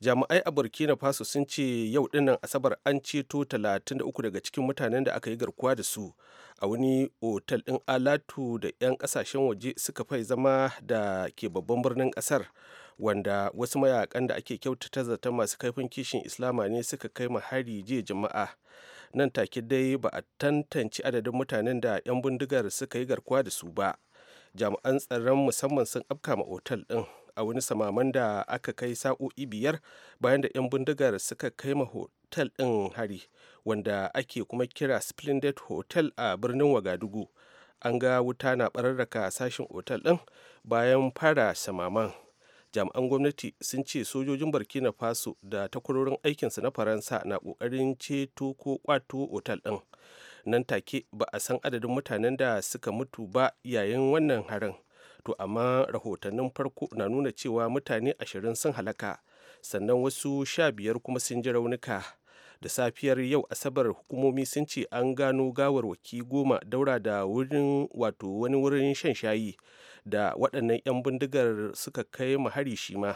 jami'ai a burkina faso sun ce yau dinnan asabar an ceto 33 daga cikin mutanen da aka yi garkuwa da su a wani otal ɗin alatu da 'yan ƙasashen waje suka fai zama da ke babban birnin ƙasar wanda wasu mayakan da ake kyautata zata masu kaifin kishin islama ne suka kai hari jiya jama'a nan take dai ba a tantance adadin mutanen da 'yan bindigar suka yi garkuwa da su ba jami'an tsaron musamman sun afka ma otal ɗin a wani samaman da aka kai sa'o'i biyar bayan da 'yan bindigar suka kai ma hotel ɗin hari wanda ake kuma kira splendid hotel a birnin wagadugu an ga wuta na bararraka sashen otal ɗin bayan fara samaman jami'an gwamnati sun ce sojojin burkina faso da takwarorin aikinsu na faransa na ƙoƙarin ceto ko ƙwato otal ɗin nan take ba a san adadin mutanen da suka mutu ba yayin wannan harin to amma rahotannin farko na nuna cewa mutane ashirin sun halaka sannan wasu sha biyar kuma sun ji raunuka da safiyar yau asabar hukumomi sun ce an gano gawarwaki goma daura da wurin wato wani wurin shan shayi da waɗannan 'yan bindigar suka kai mahari shi ma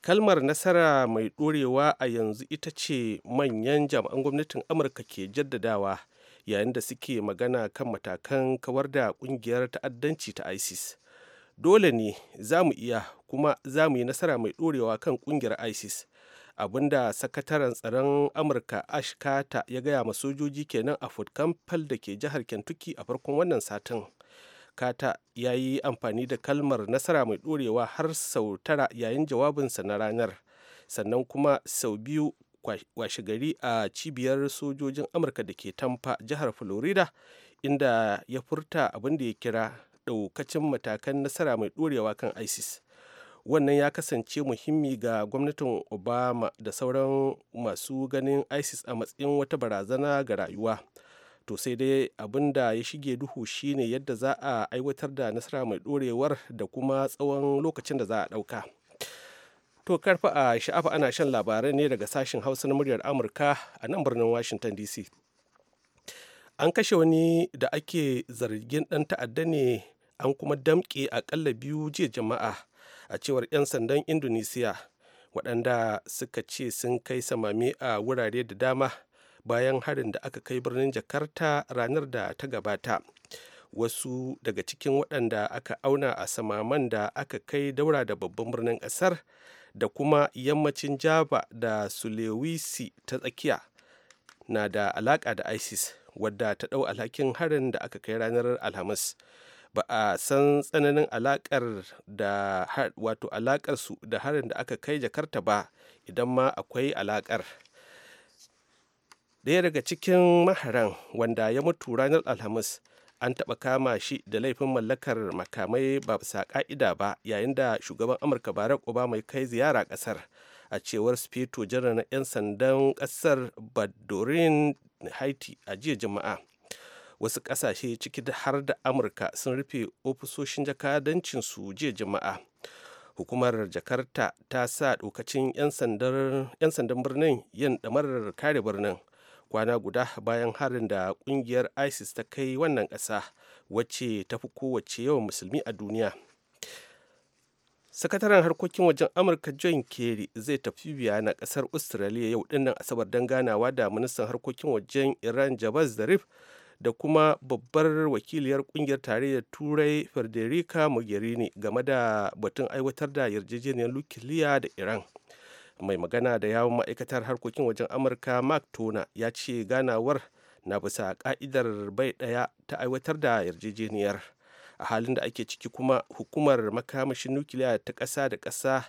kalmar nasara mai ɗorewa a yanzu ita ce manyan jami'an gwamnatin amurka ke jaddadawa yayin da suke magana kan matakan kawar da kungiyar ta'addanci ta isis dole ne za mu iya kuma za mu yi nasara mai dorewa kan kungiyar isis abinda sakataren tsaron amurka ash carter ya gaya ma sojoji kenan a fort campbell da ke jihar kentucky a farkon wannan satin kata ya yi amfani da kalmar nasara mai dorewa har sau tara yayin jawabinsa na ranar sannan kuma sau biyu washe gari a cibiyar sojojin amurka da ke tampa jihar florida inda ya furta abin da ya kira daukacin matakan nasara mai dorewa kan isis wannan ya kasance muhimmi ga gwamnatin obama da sauran masu ganin isis a matsayin wata barazana ga rayuwa to sai dai abin da ya shige duhu shine yadda za a aiwatar da nasara mai dorewar da kuma tsawon lokacin da za a dauka. To karfa a sha'afa ana shan labarai ne daga sashen Hausa na muryar Amurka a nan birnin Washington DC. An kashe wani da ake zargin dan ta'adda ne an kuma damƙe aƙalla biyu jiya jama'a a cewar 'yan sandan Indonesia waɗanda suka ce sun kai samame a wurare da dama bayan harin da aka kai birnin Jakarta ranar da ta gabata. Wasu daga cikin waɗanda aka auna a samaman da aka kai daura da babban birnin ƙasar da kuma yammacin java da sulawesi ta tsakiya na da alaka da isis wadda ta ɗau alhakin harin da aka kai ranar alhamis ba a san tsananin alakar da wato alakar da harin da aka kai jakarta ba idan ma akwai alakar ɗaya daga cikin maharan wanda ya mutu ranar alhamis an taɓa kama shi da laifin mallakar makamai ba bisa ƙa'ida ba yayin da shugaban amurka barack obama ya kai ziyara ƙasar a cewar speto janar na 'yan sandan ƙasar badorin haiti a jiya jama'a wasu ƙasashe ciki har da amurka sun rufe ofisoshin jakadancin su jiya jama'a hukumar jakarta ta sa dokacin 'yan sandan birnin yin ɗamarar kare birnin kwana guda bayan harin da kungiyar isis ta kai wannan ƙasa wacce ta fi kowace yawan musulmi a duniya sakataren harkokin wajen amurka john kerry zai tafi biya na kasar australia yau dinnan asabar don ganawa da ministan harkokin wajen iran jabaz zarif da kuma babbar wakiliyar kungiyar tarayyar turai federica mogherini game da batun aiwatar da yarjejeniyar nukiliya da iran mai magana da yawon ma'aikatar harkokin wajen amurka mark tona ya ce ganawar na bisa ka'idar bai ɗaya ta aiwatar da yarjejeniyar a halin da ake ciki kuma hukumar makamashin nukiliya ta ƙasa da ƙasa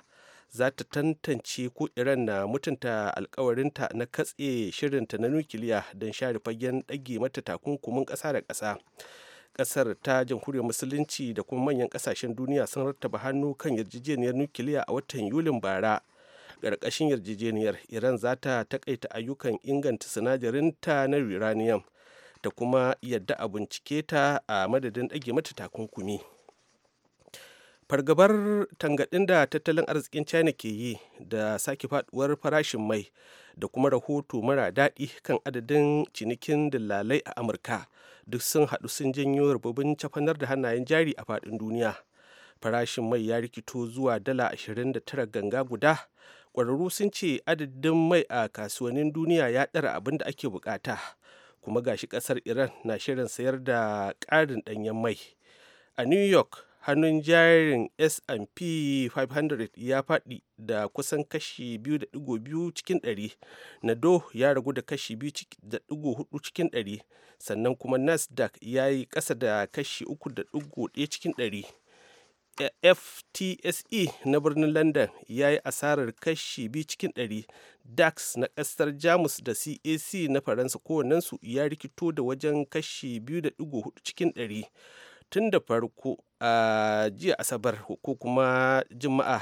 za ta tantance ko iran na mutunta alkawarinta na katse shirinta na nukiliya don share fagen ɗage mata takunkumin ƙasa da ƙasa ƙasar ta jamhuriyar musulunci da kuma manyan ƙasashen duniya sun rattaba hannu kan yarjejeniyar nukiliya a watan yulin bara karkashin yarjejeniyar iran za ta takaita ayyukan inganta sinadarin ta na uranium ta kuma yadda a bincike ta a madadin dage mata takunkumi fargabar tangaɗin da tattalin arzikin china ke yi da sake faduwar farashin mai da kuma rahoto mara daɗi kan adadin cinikin dillalai a amurka duk sun haɗu sun janyo rububin cafanar da hannayen jari a faɗin duniya farashin mai ya rikito zuwa dala 29 ganga guda kwararru sun ce adadin mai a kasuwannin duniya ya ɗara abin da ake bukata kuma gashi ƙasar iran na shirin sayar da ƙarin ɗanyen mai a new york hannun jarin S&P 500 ya faɗi da kusan kashi 2.2 cikin 100 na do ya ragu da kashi 2.4 cikin 100 sannan kuma nasdaq ya yi ƙasa da kashi 3.1 cikin 100 ftse na birnin london ya yi asarar kashi biyu cikin ɗari dax na ƙasar jamus da cac na faransa kowannensu ya rikito da wajen kashi 2.4 cikin ɗari tun da farko a jiya asabar ko kuma juma'a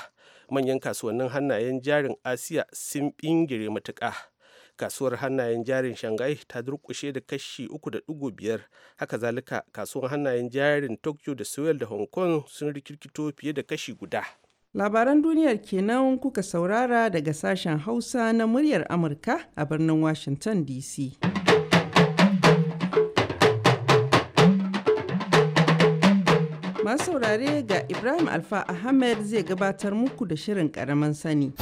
manyan kasuwannin hannayen jarin asiya sun bingire matuƙa kasuwar hannayen jarin shanghai ta durkushe da kashi 3.5 haka zalika kasuwar hannayen jarin tokyo da seoul da hong kong sun rikirkito fiye da kashi guda labaran duniyar kenan kuka saurara daga sashen hausa na muryar amurka a birnin washington dc masu saurare ga ibrahim alfa ahmed zai gabatar muku da shirin karamin sani.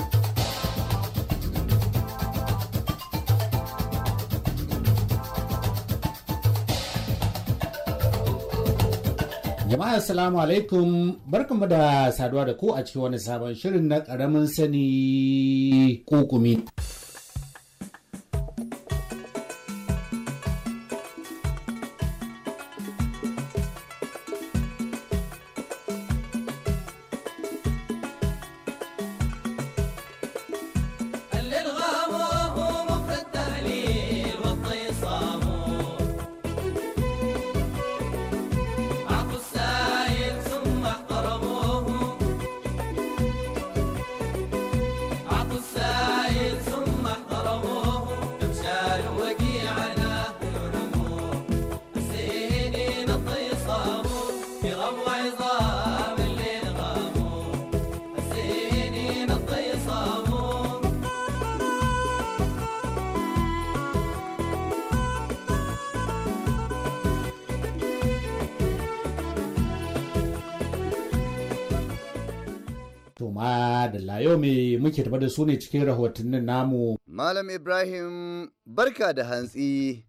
Jama'a assalamu alaikum barkanmu da saduwa da ku a cikin wani sabon shirin na ƙaramin sani kukumi. adalla yau me muke tafa da su ne cikin rahotannin namu. Malam Ibrahim barka da hantsi.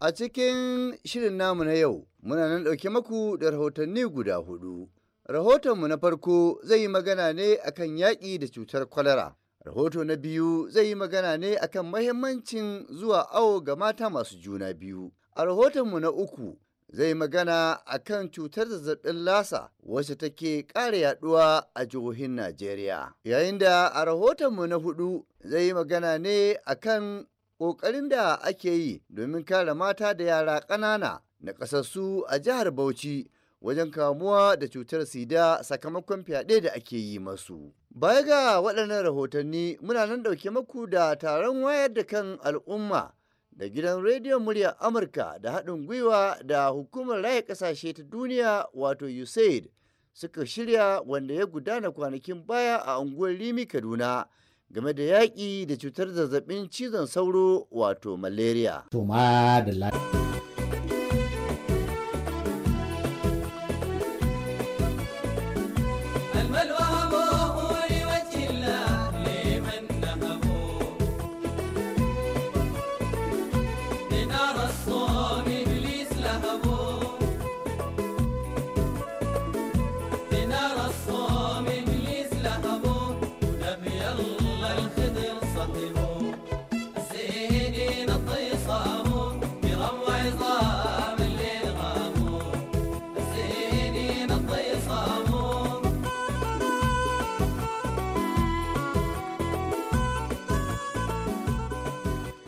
A cikin shirin namu na yau muna nan ɗauke maku da rahotanni guda hudu. Rahotonmu na farko zai yi magana ne akan yaƙi da cutar kwalara. Rahoto na biyu zai yi magana ne akan mahimmancin zuwa awo ga mata masu juna biyu. A rahotonmu na uku zai magana a kan cutar zazzabin lasa wacce take ƙara yaduwa a jihohin Najeriya. Yayin da a rahotonmu na hudu zai yi magana ne a kan ƙoƙarin da ake yi domin kare mata da yara ƙanana na ƙasassu a jihar Bauchi wajen kamuwa da cutar sida sakamakon fyaɗe da ake yi masu. Baya ga waɗannan rahotanni muna nan ɗauke maku da taron wayar da kan al'umma da gidan rediyon muryar Amurka da haɗin gwiwa da hukumar raya ƙasashe ta duniya wato USAID suka shirya wanda ya gudana kwanakin baya a unguwar Limi Kaduna game da yaƙi da cutar zazzabin cizon sauro wato malaria.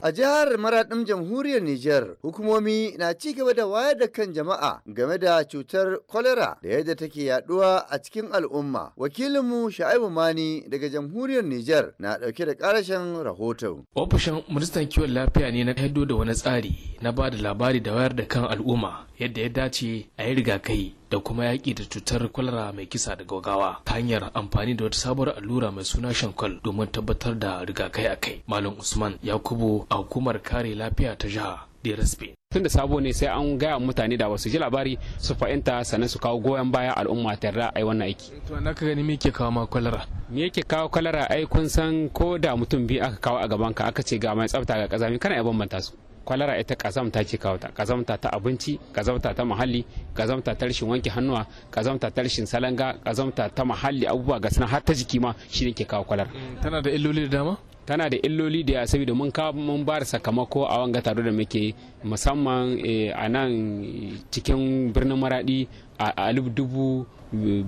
A jihar Maraɗin Jamhuriyar Nijar, hukumomi na ci gaba da wayar da kan jama'a game da cutar kwalera da yadda take yaduwa a cikin al'umma. Wakilinmu Sha'ibu Mani daga Jamhuriyar Nijar na ɗauke da ƙarashin rahoton. Ofishin Ministan Kiwon Lafiya ne na haido da wani tsari na ba da labari da wayar da kan al'umma yadda ya dace a yi rigakai da kuma yaƙi da cutar kwalara mai kisa da gaugawa ta hanyar amfani da wata sabuwar allura mai suna shankol domin tabbatar da rigakai a kai malam usman yakubu a hukumar kare lafiya ta jiha drsp tun da sabo ne sai an gaya mutane da wasu ji labari su fahimta sannan su kawo goyon baya al'umma ta yarda yi wannan aiki to na ka gani me yake kawo ma kwalara me yake kawo kwalara ai kun san ko da mutum biyu aka kawo a gaban ka aka ce ga mai tsafta ga kazami kana ya bambanta su kwalara ita kazamta ce kawo ta kazamta ta abinci kazamta ta muhalli kazamta ta rashin wanke hannuwa kazamta ta rashin salanga kazamta ta muhalli abubuwa ga sanan har ta jiki ma shi ne ke kawo kwalara mm, tana da illoli da dama tana da illoli da saboda mun ka mun ba sakamako a wanga taro da muke musamman eh, a nan cikin birnin maradi a alif dubu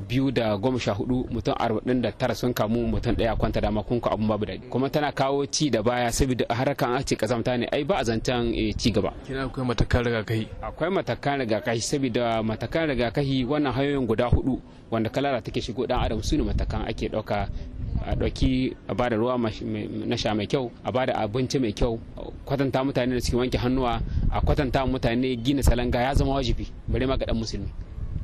biyu da goma sha hudu mutum arba'in da tara sun kamu mutum daya kwanta dama kun abun babu daɗi kuma tana kawo ci da baya saboda harkan ace kazamta ne ai ba a zancen eh, ci gaba kina akwai matakan rigakahi akwai matakan rigakahi saboda matakan rigakahi wannan hanyoyin guda hudu wanda kalara take shigo dan adam su ne matakan ake ɗauka a ɗauki a bada ruwa na sha mai kyau a bada abinci mai kyau kwatanta mutane da suke wanke hannuwa a kwatanta mutane gina salanga ya zama wajibi bare ma ga dan musulmi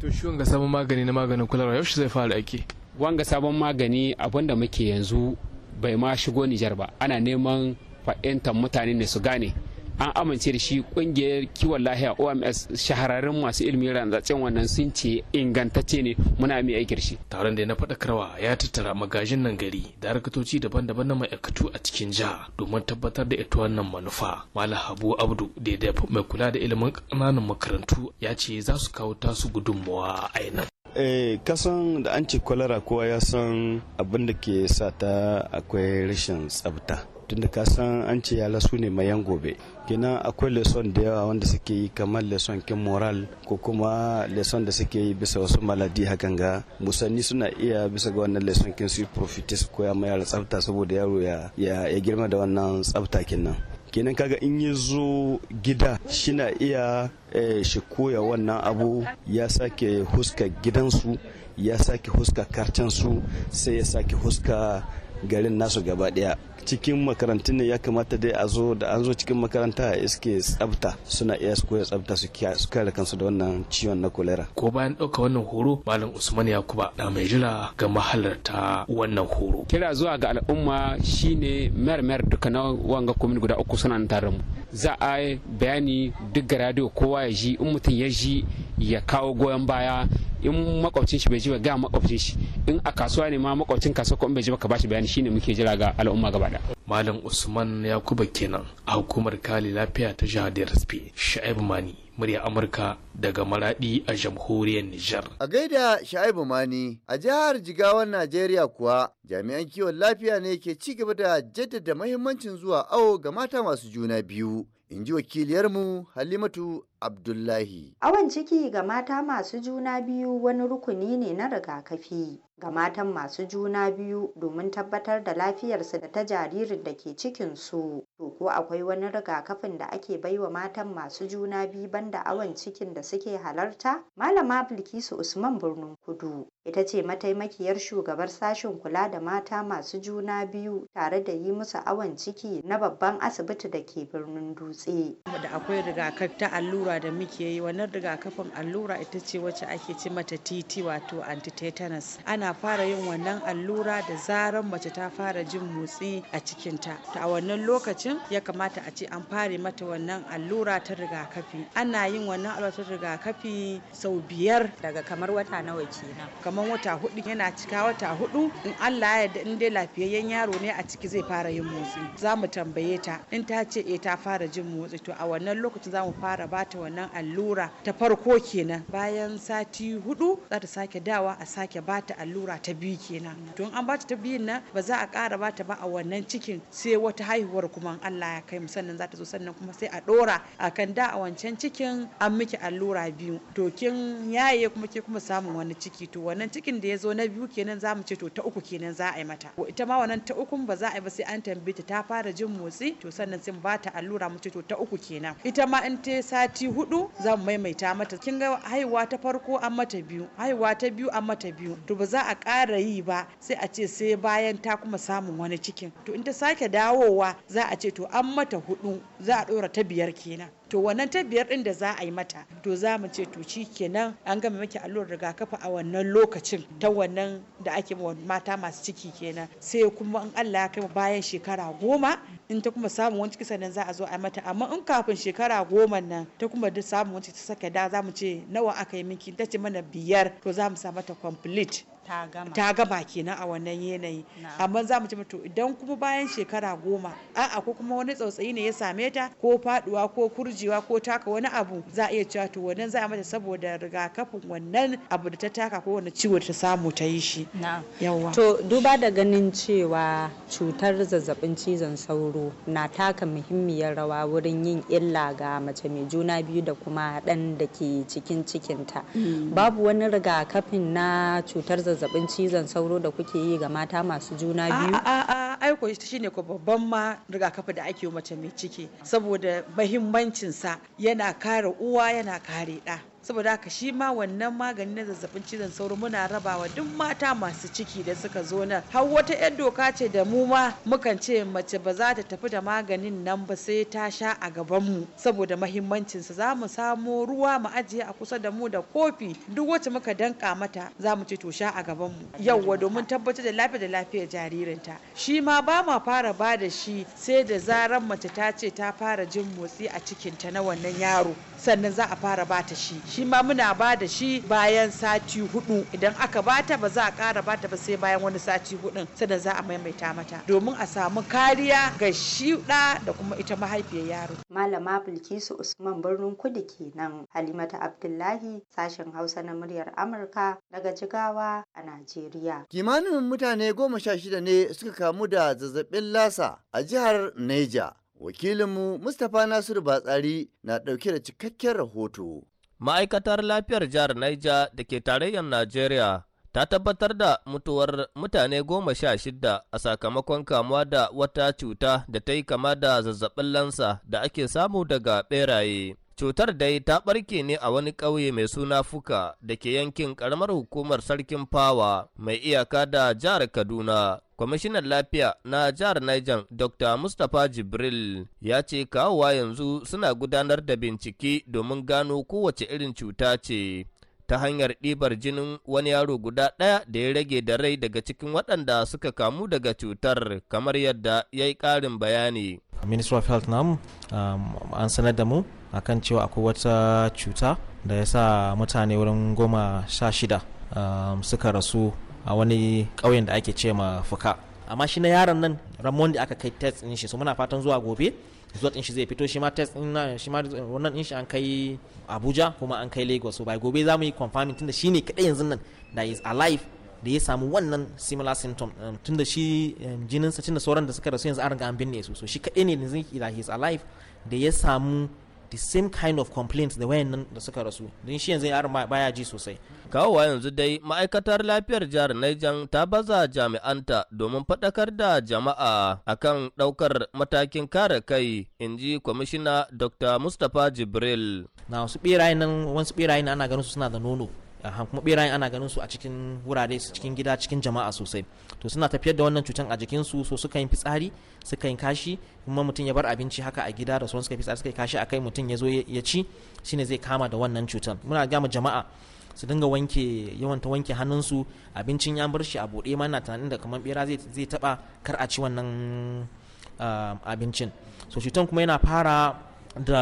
to shi wanga sabon magani na maganin kularwa yaushe zai fara aiki wanga sabon magani da muke yanzu bai ma shigo nijar ba ana neman fa'intan mutane ne su gane an amince da shi kungiyar kiwon lahiya oms shahararren masu ilimin rantsatsen wannan sun ce ingantacce ne muna mai aikir shi taron da na karawa ya tattara magajin nan gari da harkatoci daban-daban na ma'aikatu a cikin jiha domin tabbatar da ita wannan manufa malam habu abdu daidai mai kula da ilimin ƙananan makarantu ya ce za su kawo tasu gudunmawa a ainihin eh kasan da an ce kwalara kowa ya san abin da ke sata akwai rashin tsabta tunda ka san an ce yala su ne mayan gobe kenan akwai leson da yawa wanda suke yi kamar leson kin moral ko kuma leson da suke yi bisa wasu maladi hakan ga musanni suna iya bisa ga wannan leson kin su profitis ko ya mayar tsafta saboda yaro ya ya girma da wannan tsafta kenan kenan kaga in ya zo gida shina iya eh, shi koya wannan abu ya sake huska gidansu ya sake huska karcensu sai ya sake huska garin nasu gaba daya cikin makarantun ne ya kamata dai a zo da an zo cikin makaranta a iske tsabta suna iya su koya tsabta su kare kansu da wannan ciwon na kolera. Ko bayan ɗauka wannan horo Malam Usman Yakuba da mai jira ga mahalarta wannan horo. Kira zuwa ga al'umma shine mayar mayar duka na wanga komin guda uku suna tare mu. Za a bayani duk ga radio kowa ya ji in mutum ya ji ya kawo goyon baya in makwabcin shi bai ji ba ga makwabcin shi in a kasuwa ne ma makwabcin kasuwa ko in bai ji ba ka bashi bayani shine muke jira ga al'umma gaba malam usman yakuba kenan a hukumar kare lafiya ta jihar rsp sha'ibu mani murya Amurka daga Maradi a jamhuriyar Nijar. A gaida Sha'ibu Mani a jihar jigawar Najeriya kuwa jami'an kiwon lafiya ne ke ci gaba da jaddada mahimmancin zuwa awo ga mata masu juna biyu. In ji wakiliyarmu Halimatu Abdullahi. Awon ciki ga mata masu juna biyu wani rukuni ne na rigakafi ga matan masu juna biyu domin tabbatar da lafiyarsu da ta jaririn da ke cikinsu. To ko akwai wani rigakafin da ake baiwa matan masu juna biyu banda awan cikin da suke halarta? Malama Bilkisu Usman Birnin Kudu ita ce mataimakiyar shugabar sashen kula da mata masu juna biyu tare da yi musu awon ciki na babban asibiti da ke birnin Dutse. Da akwai rigakafi ta allura allura da muke yi wannan rigakafin allura ita ce wacce ake ci mata titi wato antitetanus ana fara yin wannan allura da zaran mace ta fara jin motsi a cikinta a wannan lokacin ya kamata a ce an fare mata wannan allura ta rigakafi ana yin wannan allura ta rigakafi sau biyar daga kamar wata nawa kenan kamar wata hudu yana cika wata hudu in Allah ya yarda in dai lafiyayyen yaro ne a ciki zai fara yin motsi za mu tambaye ta in ta ce e ta fara jin motsi to a wannan lokacin za mu fara bata mata wannan allura ta farko kenan bayan sati hudu za ta sake dawa a sake bata allura ta biyu kenan tun an bata ta biyun nan ba za a kara bata ba a wannan cikin sai wata haihuwar kuma Allah ya kai mu sannan za ta zo sannan kuma sai a dora akan da a wancan cikin an miki allura biyu to kin yaye kuma ke kuma samun wani ciki to wannan cikin da ya zo na biyu kenan za mu ce to ta uku kenan za a yi mata ita ma wannan ta uku ba za a yi ba sai an tambaye ta ta fara jin motsi to sannan mu bata allura mu ce to ta uku kenan ita ma in ta sati sati hudu za mu maimaita mata kin ga haihuwa ta farko an mata biyu haihuwa ta biyu an mata biyu to ba za a ƙara yi ba sai a ce sai bayan ta kuma samun wani cikin to in ta sake dawowa za a ce to an mata hudu za a ɗora ta biyar kenan to wannan ta biyar din da za a yi mata to za mu ce to shi kenan an gama miki allurar rigakafi a wannan lokacin ta wannan da ake mata masu ciki kenan sai kuma in Allah ya kai bayan shekara goma in ta kuma samu wani kisa nan za a zo a mata amma in kafin shekara goma nan ta kuma da samu wani ta sake da za mu ce nawa aka yi miki ta ce mana biyar to za mu sa mata complete ta gama kenan a wannan yanayi amma za mu ci to idan kuma bayan shekara goma a'a ko kuma wani tsautsayi ne ya same ta ko faduwa ko kurjewa ko taka wani abu za a iya cewa to wannan za a mata saboda rigakafin wannan abu da ta taka ko wani ciwo ta samu ta yi shi yawa to duba da ganin cewa cutar zazzabin cizon sauro na taka muhimmiyar rawa wurin yin illa ga mace mai juna biyu da kuma dan da ke cikin cikinta mm. babu wani rigakafin na cutar zazzabin zazzabin cizon sauro da kuke yi ga mata masu juna biyu? ai aiko shi ne babban ma rigakafi da ake mace mai ciki saboda mahimmancinsa yana kare uwa yana kare ɗa. saboda haka shi ma wannan magani na zazzabin cizon sauro muna rabawa duk mata masu ciki da suka zo nan har wata yar doka ce da mu ma mukan ce mace ba za ta tafi da maganin nan ba sai ta sha a gaban mu saboda mahimmancinsa za mu samo ruwa mu ajiye a kusa da mu da kofi duk wacce muka danka mata za mu ce to sha a gaban mu yauwa domin tabbatar da lafiya da lafiyar jaririnta shi ma ba ma fara ba da shi sai da zarar mace ta ce ta fara jin motsi a cikinta na wannan yaro sannan za a fara ba ta shi shi ma muna ba da shi bayan sati hudu idan aka bata ba za a kara bata ba sai bayan wani sati hudun sannan za a maimaita mata domin a samu kariya ga shi da da kuma ita mahaifiyar yaro malama bilkisu usman birnin kudu kenan halimata abdullahi sashen hausa na muryar amurka daga jigawa a najeriya kimanin mutane goma sha shida ne suka kamu da zazzabin lasa a jihar neja wakilinmu mustapha nasiru batsari na ɗauke da cikakken rahoto Ma'aikatar lafiyar jihar Naija da ke tarayyar Najeriya ta tabbatar da mutuwar mutane goma sha shida a sakamakon kamuwa da wata cuta da ta yi kama da zazzabin lansa da ake samu daga beraye. Cutar dai ta ɓarke ne a wani ƙauye mai suna Fuka da ke yankin ƙaramar hukumar Sarkin Fawa mai iyaka da jihar Kaduna. Kwamishinan lafiya na jihar Niger Dr. Mustapha Jibril ya ce kawowa yanzu suna gudanar da bincike domin gano kowace irin cuta ce. ta hanyar ɗibar jinin wani yaro guda ɗaya da ya rage da rai daga cikin waɗanda suka kamu daga cutar kamar yadda ya yi ƙarin bayani. Ministry of Health namu um, an sanar da mu akan cewa akwai wata cuta da ya sa mutane wurin goma sha shida um, suka rasu a wani ƙauyen da ake ce ma fuka amma shi na yaron nan ramon da aka kai test ɗin shi so muna fatan zuwa gobe zuwa ɗin shi zai fito shi ma test ɗin na shi ma wannan ɗin shi an kai Abuja kuma an kai Lagos so bai gobe mu yi confirming tunda ne kaɗai yanzu nan da is alive da ya samu wannan similar symptom um, tunda shi um, jinin sa tunda sauran da suka rasu yanzu an riga an binne su so shi kaɗai ne yanzu da is alive da ya samu the same kind of complaints da wayannan da suka rasu don shi yanzu yaron baya ji sosai kawowa yanzu dai ma'aikatar lafiyar jihar Niger ta baza jami'anta domin fadakar da jama'a akan ɗaukar matakin kare kai in ji kwamishina dr mustapha jibril na wasu birayen nan wasu birayen ana ganin su suna da nono kuma berayen ana ganin su a cikin wurare cikin gida cikin jama'a sosai to suna tafiyar da wannan cutan a jikin su so suka yi fitsari suka kashi kuma mutum ya bar abinci haka a gida da sauran suka fitsari suka yi kashi akai mutum ya zo ya ci shine zai kama da wannan cutan muna ga mu jama'a su dinga wanke yawanta wanke hannunsu abincin ya bar shi a bude ma na tunanin da kamar bera zai taba kar a ci wannan ah, abincin so cutan kuma yana fara da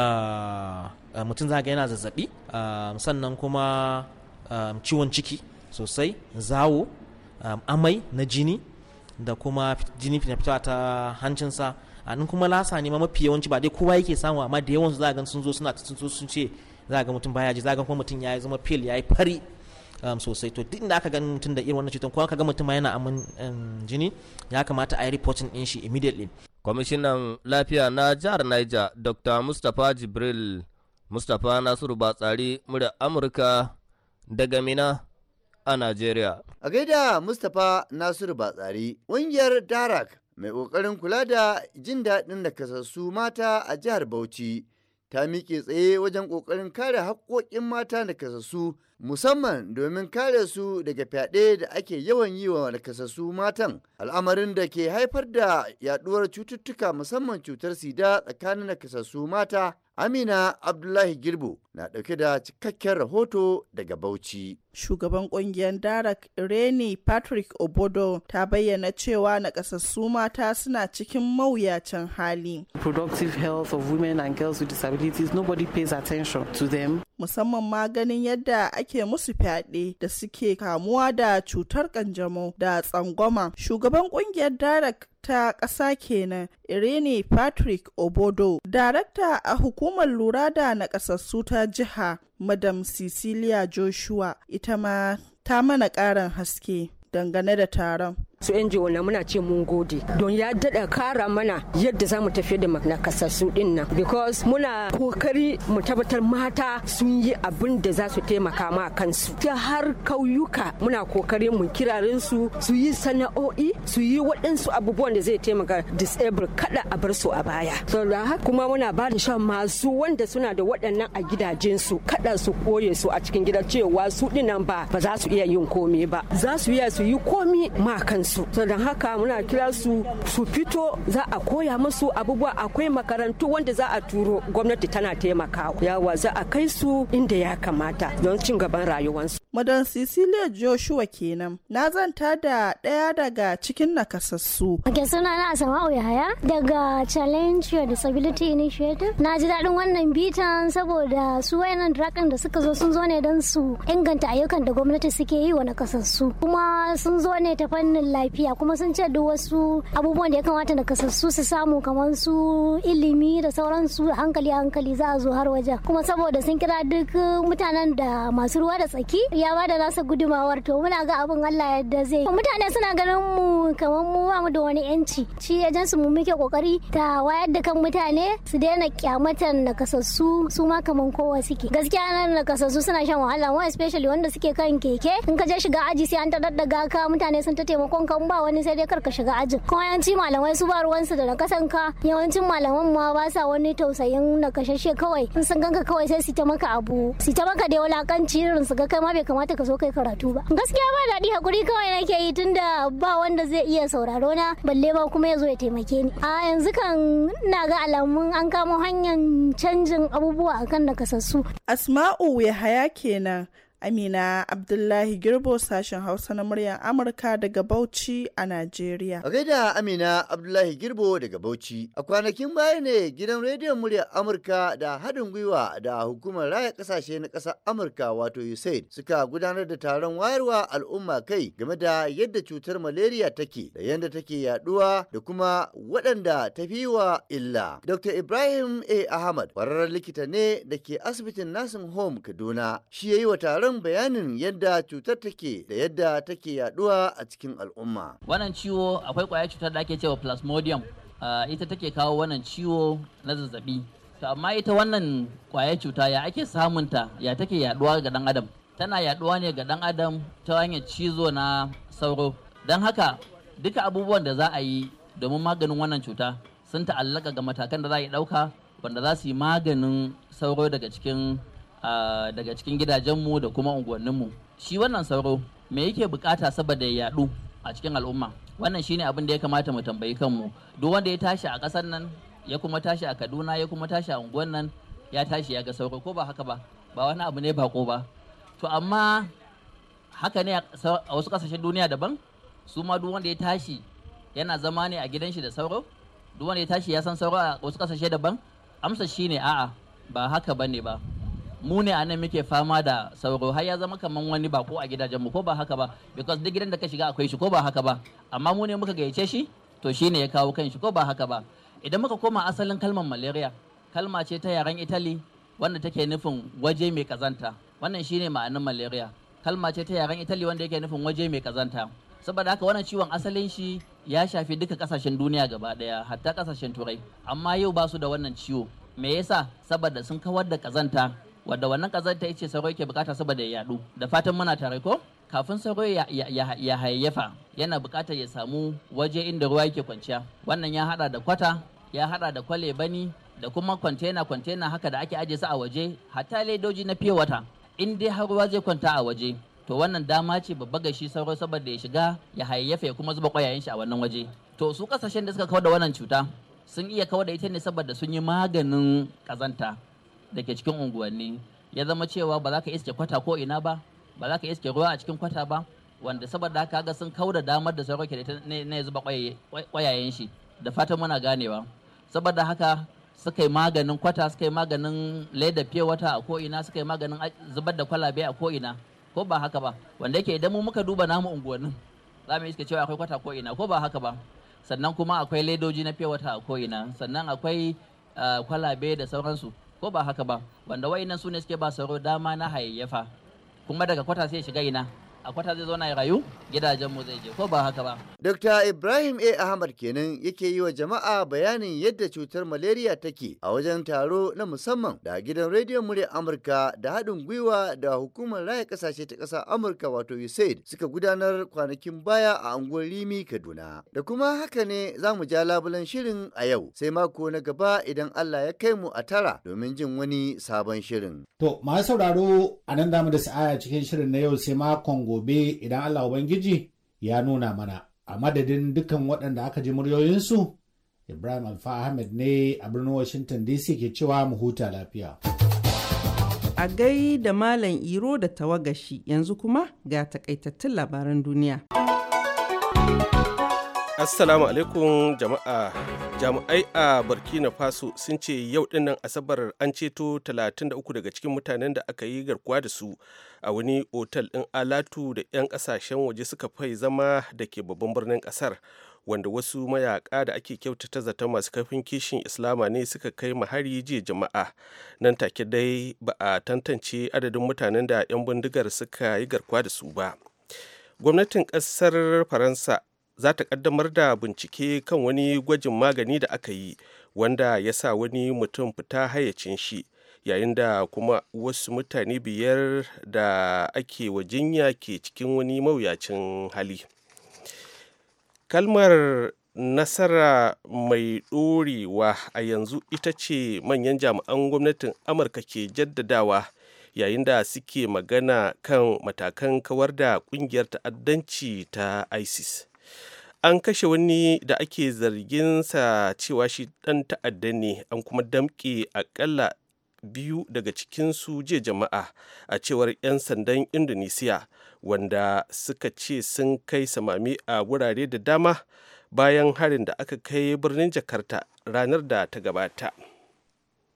ah, mutum zaga yana zazzabi ah, sannan kuma um, ciwon ciki sosai zawo um, amai na jini da kuma jini fita ta hancinsa a nan kuma lasa ne ma mafi yawanci ba dai kowa yake samu amma da yawan za ga sun zo suna sun zo sun ce za ga mutum baya ji za ga kuma mutum ya zama fil ya yi fari um, sosai to duk da aka gani mutum da irin wannan cutar ko aka ga mutum yana amin um, jini ya kamata a yi reporting din shi immediately kwamishinan lafiya na jihar niger dr mustapha jibril mustapha nasiru batsari murya amurka daga Mina a Najeriya. A gaida Mustapha Nasiru Batsari, ƙungiyar Darak mai ƙoƙarin kula da jin daɗin nakasassu mata a jihar Bauchi. ta miƙe tsaye wajen ƙoƙarin kare haƙƙoƙin mata nakasassu musamman domin kare su daga fyaɗe da ake yawan yi wa nakasassu matan al'amarin da ke haifar da yaɗuwar cututtuka musamman cutar sida tsakanin nakasassu mata Amina Abdullahi Girbu na ɗauke da cikakken rahoto daga Bauchi. Shugaban ƙungiyar Darak Reni Patrick Obodo ta bayyana cewa nakasassu mata suna cikin mawuyacin hali. Productive health of women and girls with disabilities nobody pays attention to them musamman ma ganin yadda ake musu fyaɗe da suke kamuwa da cutar kanjamau da tsangwama. Shugaban ƙungiyar Darak ta ƙasa kenan Irene Patrick Obodo, darakta a hukumar lura da nakasassu ta jiha Madam Cecilia Joshua ita ma ta mana ƙarin haske dangane da taron. su NGO na muna ce mun gode don ya dada kara mana yadda za mu tafi da nakasassu din nan because muna kokari mu tabbatar mata sun yi abin da za su taimaka ma kansu ta har kauyuka muna kokari mu kirarin su su yi sana'o'i su yi waɗansu abubuwan da zai taimaka disabled kada a bar su a baya so da haka kuma muna ba da shan masu wanda suna da waɗannan a gidajen su kada su koye su a cikin gida cewa su dinan ba ba za su iya yin komi ba za su iya su yi komi ma kansu su don haka muna kira su su fito za a koya musu abubuwa akwai makarantu wanda za a turo gwamnati tana taimakawa yawa za a kai su inda ya kamata don cin gaban rayuwarsu madan cecilia joshua kenan na zanta da ɗaya daga cikin nakasassu ake suna na asama'u yahaya daga challenge your disability initiative na ji daɗin wannan bitan saboda su wayannan drakan da suka zo sun zo ne don su inganta ayyukan da gwamnati suke yi wa nakasassu kuma sun zo ne ta fannin lafiya kuma sun ce duk wasu abubuwan da ya kamata na kasassu su samu kamar su ilimi da sauransu hankali hankali za a zo har wajen kuma saboda sun kira duk mutanen da masu ruwa da tsaki ya ba da nasa gudumawar to muna ga abin Allah yadda zai mutane suna ganin mu kamar mu ba mu da wani yanci shi ajansu mu muke kokari ta wayar da kan mutane su daina kyamatan kasassu su ma kamar kowa suke gaskiya nan kasassu suna shan wahala wa especially wanda suke kan keke in ka je shiga aji sai an ta daddaga ka mutane sun ta taimakon ruwan ba wani sai dai kar ka shiga ajin kuma yawanci malamai su ba ruwansu da nakasan ka yawancin malaman ma ba sa wani tausayin nakashashe kawai in sun ganka kawai sai su ta maka abu su ta maka da wulakanci irin su ga kai ma bai kamata ka zo kai karatu ba gaskiya ba daɗi hakuri kawai nake yi tunda ba wanda zai iya sauraro na balle ba kuma ya zo ya taimake ni a yanzu kan ina ga alamun an kamo hanyar canjin abubuwa akan nakasassu asma'u yahaya kenan Amina Abdullahi Girbo sashen Hausa na muryar Amurka daga Bauchi a Najeriya. Gaida Amina Abdullahi Girbo daga Bauchi. A kwanakin baya ne gidan rediyon muryar Amurka da haɗin gwiwa da hukumar raya ƙasashe na ƙasar Amurka wato USAID suka gudanar da taron wayarwa al'umma kai game da yadda cutar malaria take da yadda take yaduwa da kuma waɗanda ta fi wa illa. Dr. Ibrahim A. Ahmad, kwararren likita ne da ke asibitin Nursing Home Kaduna, shi ya yi wa taron kan bayanin yadda cutar take da yadda take yaduwa a cikin al'umma. Wannan ciwo akwai kwayar cutar da ake cewa plasmodium ah, ita take kawo wannan ciwo na zazzabi. To amma ita wannan kwayar cuta ya ake samunta ya take yaduwa ga dan adam. Tana yaduwa ne ga dan adam ta hanyar cizo na sauro. Don haka duka abubuwan da za a yi domin maganin wannan cuta sun ta'allaka ga matakan da za a yi ɗauka wanda za su yi maganin sauro daga cikin daga cikin gidajenmu da kuma unguwanninmu shi wannan sauro me yake bukata saboda ya yadu a cikin al'umma wannan shine abin da ya kamata mu tambayi kanmu duk wanda ya tashi a ƙasar nan ya kuma tashi a kaduna ya kuma tashi a unguwan nan ya tashi ya ga sauro ko ba haka ba ba wani abu ne bako ba to amma haka ne a wasu ƙasashen duniya daban su ma duk wanda ya tashi yana zama ne a gidan shi da sauro duk wanda ya tashi ya san sauro a wasu ƙasashe daban amsa shine a'a ba haka bane ba mu ne nan muke fama da sauro har ya zama kaman wani ba ko a gidajen mu ko ba haka ba because duk gidan da ka shiga akwai shi ko ba haka ba amma mu ne muka gayyace shi to shine ya kawo kanshi ko ba haka ba idan muka koma asalin kalmar malaria kalma ce ta yaren italy wanda take nufin waje mai kazanta wannan shine ma'anin malaria kalma ce ta yaren italy wanda yake nufin waje mai kazanta saboda haka wannan ciwon asalin shi ya shafi duka kasashen duniya gaba daya hatta kasashen turai amma yau ba su da wannan ciwo me yasa saboda sun kawar da kazanta wadda wannan kazanta ta ce sauro yake bukata saboda ya yadu da fatan muna tare ko kafin sauro ya hayayyafa yana bukatar ya samu waje inda ruwa yake kwanciya wannan ya hada da kwata ya hada da kwale bani da kuma kwantena kwantena haka da ake ajiye su a waje hatta ledoji na fiye wata in dai har ruwa zai kwanta a waje to wannan dama ce babba ga shi sauro saboda ya shiga ya hayayyafa ya kuma zuba kwayayen shi a wannan waje to su kasashen da suka kawo da wannan cuta sun iya kawo da ita ne saboda sun yi maganin kazanta da ke cikin unguwanni ya zama cewa ba za ka iske kwata ko ina ba ba za ka iske ruwa a cikin kwata ba wanda saboda haka ga sun kauda damar da sauran ke ne zuba kwayayen shi da fatan muna ganewa saboda haka suka yi maganin kwata suka yi maganin leda fiye wata a ina suka yi maganin zubar da kwalabe a ko ina ko ba haka ba wanda yake idan mu muka duba namu unguwannin za mu iske cewa akwai kwata ko ina ko ba haka ba sannan kuma akwai ledoji na fewata a a ina sannan akwai ah, kwalabe da sauransu ko ba haka ba wanda wayannan su ne suke ba sauro dama na hayayyafa kuma daga kwata sai shiga ina akwata zai zauna ya rayu gidajenmu zai je ko ba haka ba. Dokta Ibrahim A. Ahmad kenan yake yi wa jama'a bayanin yadda cutar malaria take a wajen taro na musamman da gidan rediyon murya Amurka da haɗin gwiwa da hukumar raya ƙasashe ta ƙasa Amurka wato USAID suka gudanar kwanakin baya a unguwar Limi Kaduna. Da kuma haka ne za mu ja labulen shirin a yau sai mako na gaba idan Allah ya kai mu a tara domin jin wani sabon shirin. To masu sauraro a nan damu da sa'aya cikin shirin na yau sai makon gobe idan Allah Ubangiji ya nuna mana. A madadin dukan waɗanda aka ji muryoyinsu, Ibrahim Alfa Ahmed ne a birnin Washington DC ke cewa mu huta lafiya. A gai da Malam Iro da tawagashi yanzu kuma ga takaitattun labaran duniya. Assalamu alaikum jama'a jami'ai a burkina faso sun ce yau dinnan asabar an ceto 33 daga cikin mutanen da aka yi garkuwa da su a wani otal din alatu da 'yan ƙasashen waje suka fai zama da ke babban birnin ƙasar wanda wasu mayaka da ake kyautata zata masu kafin kishin islama ne suka kai mahari jiya jama'a nan take dai ba a tantance adadin mutanen da 'yan bindigar suka yi garkuwa da su ba gwamnatin ƙasar faransa za ta kaddamar da bincike kan wani gwajin magani da aka yi wanda ya sa wani mutum fita hayyacin shi yayin da kuma wasu mutane biyar da ake wa jinya ke cikin wani mawuyacin hali kalmar nasara mai ɗorewa a yanzu ita ce manyan jami'an gwamnatin amurka ke jaddadawa yayin da suke magana kan matakan kawar da ƙungiyar ta'addanci ta isis an kashe wani da ake zargin sa cewa shi ɗan ta'adda ne an kuma damƙe aƙalla biyu daga cikin cikinsu jiya jama'a a cewar 'yan sandan indonesiya wanda suka ce sun kai samami a wurare da dama bayan harin da aka kai birnin jakarta ranar da ta gabata.